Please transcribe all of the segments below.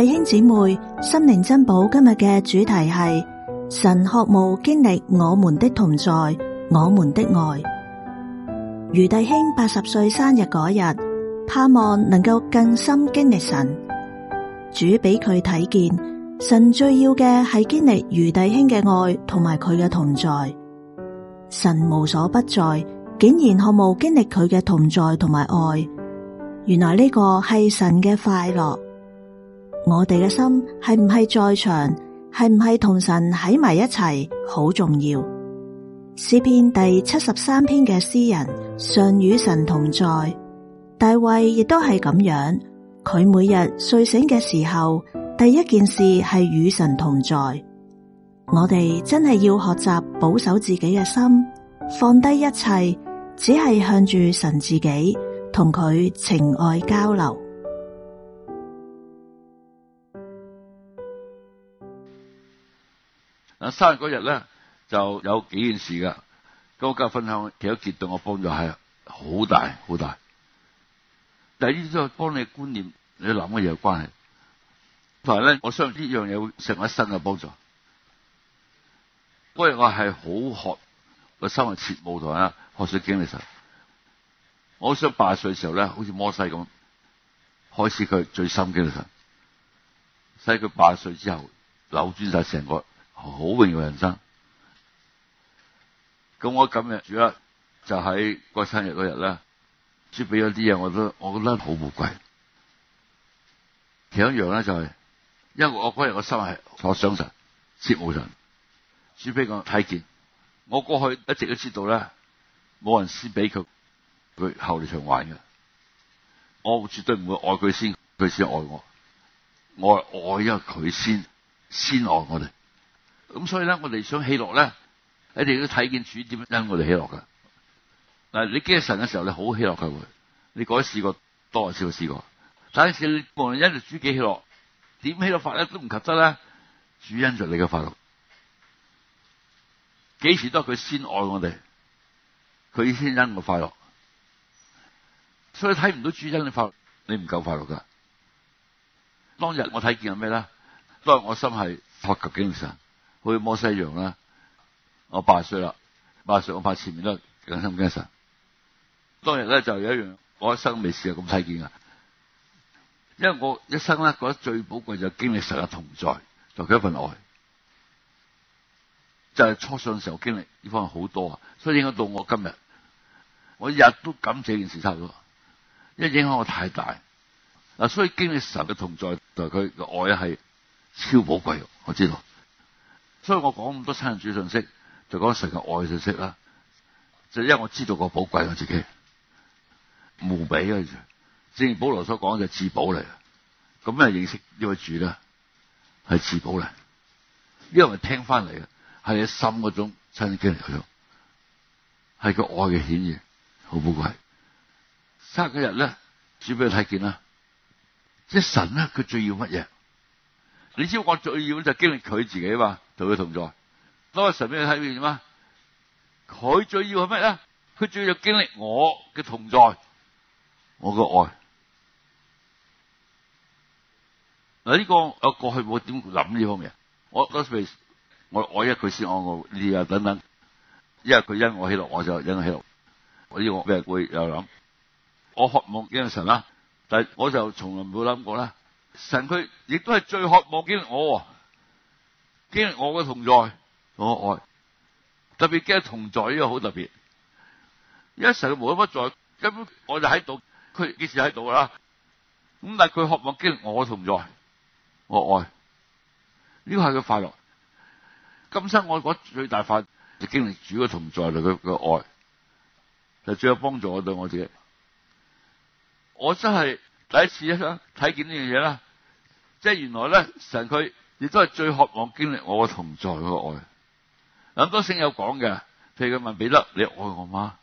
弟兄姊妹，心靈珍寶，今日嘅主題係神渴慕經歷我們的同在，我們的愛。余弟兄八十歲生日嗰日，盼望能夠更深經歷神。主俾佢睇見，神最要嘅係經歷余弟兄嘅愛同埋佢嘅同在。神無所不在，竟然渴慕經歷佢嘅同在同埋愛。原來呢個係神嘅快樂。我哋嘅心係唔係在場，係唔係同神喺埋一齊，好重要。詩篇第七十三篇嘅詩人常與神同在，大衛亦都係咁樣。佢每日睡醒嘅時候，第一件事係與神同在。我哋真係要學習保守自己嘅心，放低一切，只係向住神自己，同佢情愛交流。嗱，生日嗰日咧就有幾件事噶，咁我今日分享，其實結對我幫助係好大好大。第一都係幫你觀念，你諗嘅嘢，有關係，同埋咧我相信呢樣嘢會成為新嘅幫助。嗰日我係好渴個生活切同在啊，學術經歷神。我想八歲嘅時候咧，好似摩西咁開始佢最深經歷神，使佢八歲之後扭轉晒成個。好榮耀人生，咁我今日主啦，就喺過生日嗰日啦，主俾咗啲嘢，我都我覺得好寶貴。其中一樣咧就係、是，因為我嗰日個心係坐上神、接冇神，主俾我睇見，我過去一直都知道咧，冇人先俾佢，佢後嚟償還嘅，我絕對唔會愛佢先，佢先愛我，我愛因為佢先，先愛我哋。咁所以咧，我哋想喜樂咧，一定要睇見主點樣因我哋喜樂噶。嗱，你基神嘅時候，你好喜樂噶會。你改試過，多少試過，試過，但係你無論因住主幾喜樂，點喜樂法咧都唔及得咧，主因着你嘅快樂。幾時都係佢先愛我哋，佢先因我快樂。所以睇唔到主因嘅快樂，你唔夠快樂噶。當日我睇見係咩咧？當日我心係渴慕經歷神。去摩西洋啦，我八歲啦，八歲我八歲前面都係心驚神。當日咧就有一樣，我一生未試過咁睇見噶，因為我一生咧覺得最寶貴就係經歷神嘅同在，就佢一份愛，就係、是、初信嘅時候經歷呢方面好多啊，所以影響到我今日，我日都感謝這件事差唔多，因為影響我太大。嗱，所以經歷神嘅同在同佢嘅愛係超寶貴，我知道。所以我講咁多親人主信息，就講成個愛信息啦。就因為我知道個寶貴，我自己寶，無比嘅，正如保羅所講就至寶嚟。咁啊，認識位主呢個主啦，係至寶嚟。呢個咪聽翻嚟嘅，係心嗰種親身經歷嚟咗，係個愛嘅顯現，好寶貴。差嗰日咧，主俾你睇見啦，即係神呢，佢最要乜嘢？你知道我最要就經歷佢自己嘛？同佢同在，嗱，神俾你睇面點啊？佢最要係咩咧？佢最要經歷我嘅同在，我嘅愛。嗱、這個，呢個我過去冇點諗呢方面我我嗰我愛一佢先，我、那個、space，我呢啊等等，因為佢因我起樂，我就因我起樂。我呢我咩會又諗？我渴望見神啦，但係我就從來冇諗過啦。神佢亦都係最渴望見到我。經歷我嘅同在，我的愛，特別經歷同在呢、這個好特別。一神冇不在，根本我就喺度，佢幾時喺度啦？咁但係佢渴望經歷我嘅同在，我的愛，呢個係佢快樂。今生我覺，最大快樂就經歷主嘅同在同佢嘅愛，係、就係、最有幫助我對我自己。我真係第一次一想睇見呢樣嘢啦，即係原來咧神佢。亦都係最渴望經歷我嘅同在嘅愛。咁多聖友講嘅，譬如佢問彼得：你愛我嗎？」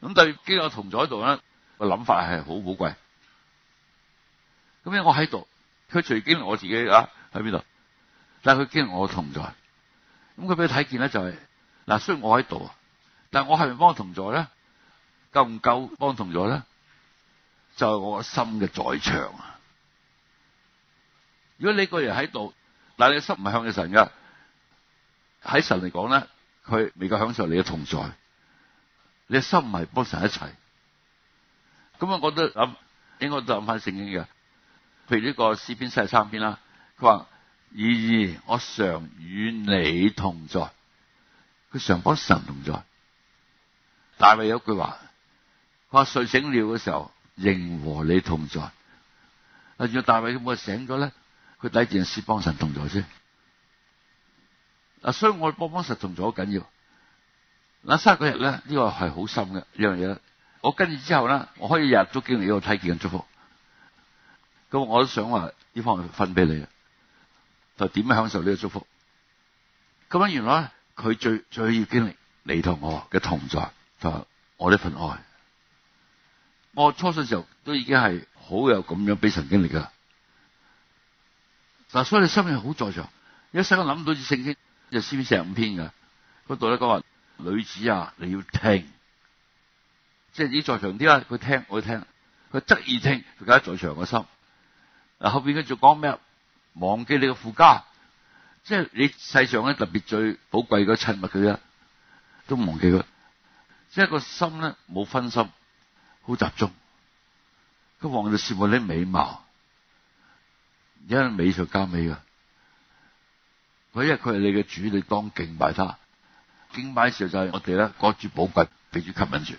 咁但係經我同在度咧，個諗法係好寶貴。咁因我喺度，佢隨經我自己啊喺邊度，但係佢經我同在。咁佢俾佢睇見咧就係、是、嗱，雖然我喺度啊，但係我係咪幫我同在咧？夠唔夠幫同在咧？就係、是、我心嘅在場啊！如果你個人喺度。嗱，係你心唔係向嘅神嘅，喺神嚟講咧，佢未夠享受你嘅同在。你嘅心唔係幫神一齊，咁啊，我都諗，應該都諗翻聖經嘅，譬如呢個詩篇四十三篇啦，佢話：二二，我常與你同在，佢常幫神同在。大衛有句話，佢話睡醒了嘅時候仍和你同在。阿約大衛有冇醒咗咧？佢第一件事幫神同在先，嗱，所以我幫幫神同在好緊要。嗱，卅日咧，呢個係好深嘅一樣嘢。我跟住之後咧，我可以日足都經歷呢個體健嘅祝福。咁我都想話呢方面分俾你。就點樣享受呢個祝福？咁樣原來佢最最要經歷你和我的同我嘅同在、同我呢份愛。我初信嘅時候都已經係好有咁樣俾神經歷噶。嗱、啊，所以你心係好在場，一時間諗唔到隻聖經，就先、是、四五篇嘅。嗰度咧講話，女子啊，你要聽，即係你在場啲啦，佢聽我都聽，佢側耳聽，佢而家在場個心。嗱、啊，後邊佢仲講咩？忘記你個父家」，即係你世上咧特別最寶貴嗰親密嘅啫，都忘記佢，即係個心咧冇分心，好集中，佢望住羨慕你美貌。現在因為美術加美啊，佢因為佢係你嘅主，你當敬拜他。敬拜嘅時候就係我哋咧，各主寶貴，俾主吸引住，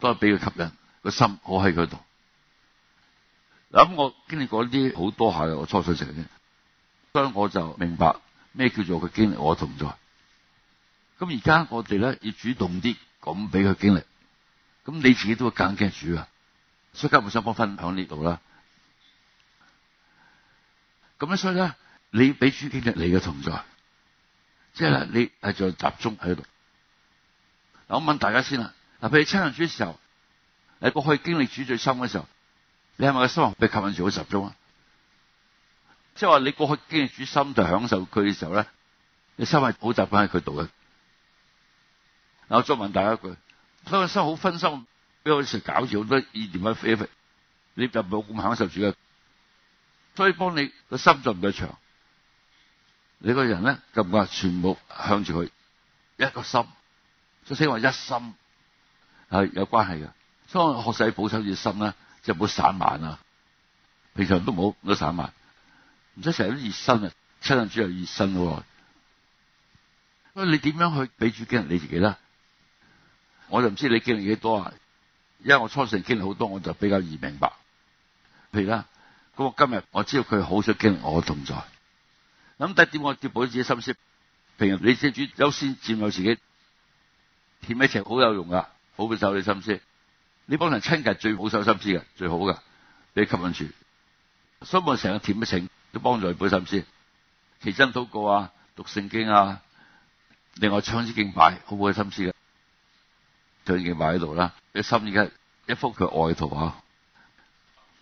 都係俾佢吸引，個心好喺佢度。嗱咁，我經歷過啲好多下嘅，我初初食嘅，所以我就明白咩叫做佢經歷我同在。咁而家我哋咧要主動啲，咁俾佢經歷。咁你自己都要揀嘅主啊，所以今日想幫分享呢度啦。咁咧，所以咧，你俾主經歷你嘅同在，即係咧，你係在集中喺度。嗱，我問大家先啦。嗱，譬如親近主嘅時候，你過去經歷主最深嘅時候，你係咪個心啊被吸引住好集中啊？即係話你過去經歷主心就享受佢嘅時候咧，你心係好集中喺佢度嘅。嗱，我再問大家一句，當個心好分心，俾我哋成日搞住好多意念嘅飛飛？你就冇咁享受主嘅。所以幫你個心就唔盡長，你個人咧就唔該全部向住佢一個心，即係話一心係有關係嘅。所以學識保守住心咧，就唔會散漫啊。平常都冇都散漫，唔使成日都熱身啊。親近主又熱身喎。你點樣去俾主驚人你自己啦？我就唔知你經歷幾多啊。因為我初時經歷好多，我就比較易明白。譬如啦。咁今日我知道佢好想經歷我同在，咁第一點我接保自己心思，平日你主優先主優先占有自己甜乜情好有用噶，好保守你心思。你幫人親近最保守心思嘅最好噶，你吸引住，所以我成日甜乜情都幫助佢保守心思，祈禱禱告啊，讀聖經啊，另外唱支敬拜好保守心思嘅，唱敬拜喺度啦，你心而家一幅佢愛圖啊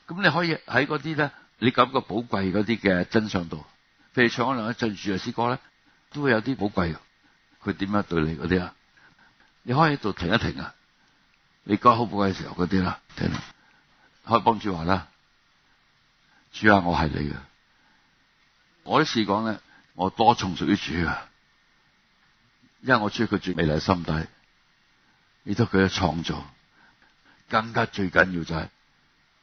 咁你可以喺嗰啲咧，你感覺寶貴嗰啲嘅真相度，譬如唱可能一句《住嘅詩歌》咧，都會有啲寶貴嘅。佢點樣對你嗰啲啊？你可以喺度停一停啊！你覺得好寶貴嘅時候嗰啲啦，停，可以幫主話啦。主啊，我係你嘅。我啲事講咧，我多重屬於主嘅，因為我出佢最美麗心底，亦都佢嘅創造，更加最緊要就係。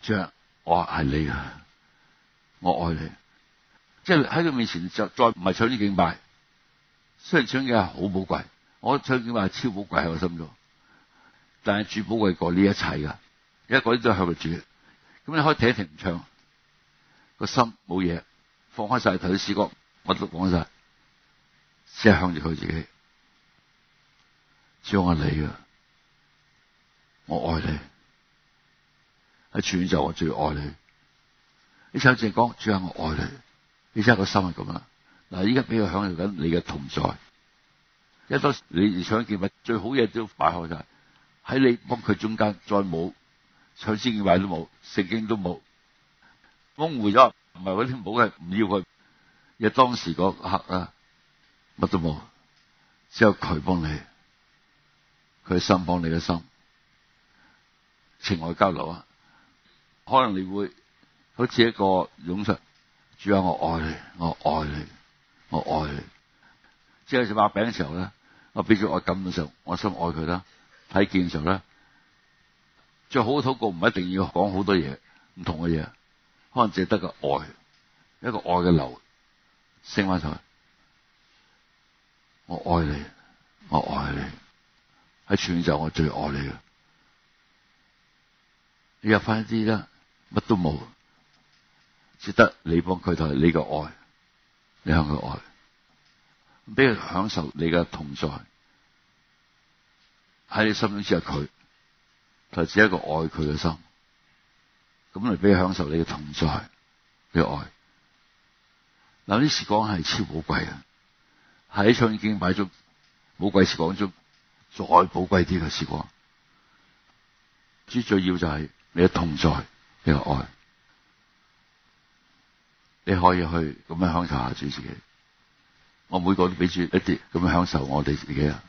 愛即唱，唱，唱，停停唱，我係你啊，我愛你，即係喺佢面前就再唔係唱啲敬拜，雖然唱嘅係好寶貴，我唱敬拜係超寶貴喺我心中。但係主寶貴過呢一切噶，因為嗰啲都係向主，咁你可以停一停唔唱，個心冇嘢，放開晒頭視視覺，我都講晒，即係向住佢自己，唱阿你啊，我愛你。喺全就我最愛你，你唱只講，主係我愛你，你真係個心係咁啦。嗱，依家俾佢享受緊你嘅同在。一當時你而唱見物，最好嘢都擺好晒，喺你幫佢中間，再冇唱先見物都冇，聖經都冇，豐回咗唔係嗰啲冇嘅，唔要佢。而那他當時嗰刻啊，乜都冇，只有佢幫你，佢嘅心幫你嘅心，情愛交流啊！可能你會好似一個湧出，主啊，我愛你，我愛你，我愛你。即係食麥餅嘅時候咧，我俾咗我感嘅時候，我心愛佢啦。睇見嘅時候咧，最好嘅禱告唔一定要講好多嘢，唔同嘅嘢，可能淨係得個愛，一個愛嘅流升翻上去。我愛你，我愛你，喺全宇宙我最愛你嘅。你入翻啲啦。乜都冇，只得你幫佢同你個愛，你向佢愛，俾佢享受你嘅同在，喺你心中只係佢，就只有一個愛佢嘅心，咁嚟俾佢享受你嘅同在嘅愛。嗱，呢時光係超寶貴呀，喺已景買咗冇貴，時光中，再寶貴啲嘅時光。最最要就係你嘅同在。你、這個愛，你可以去咁樣享受下主自己。我每個人都俾住一啲咁樣享受我哋自己啊。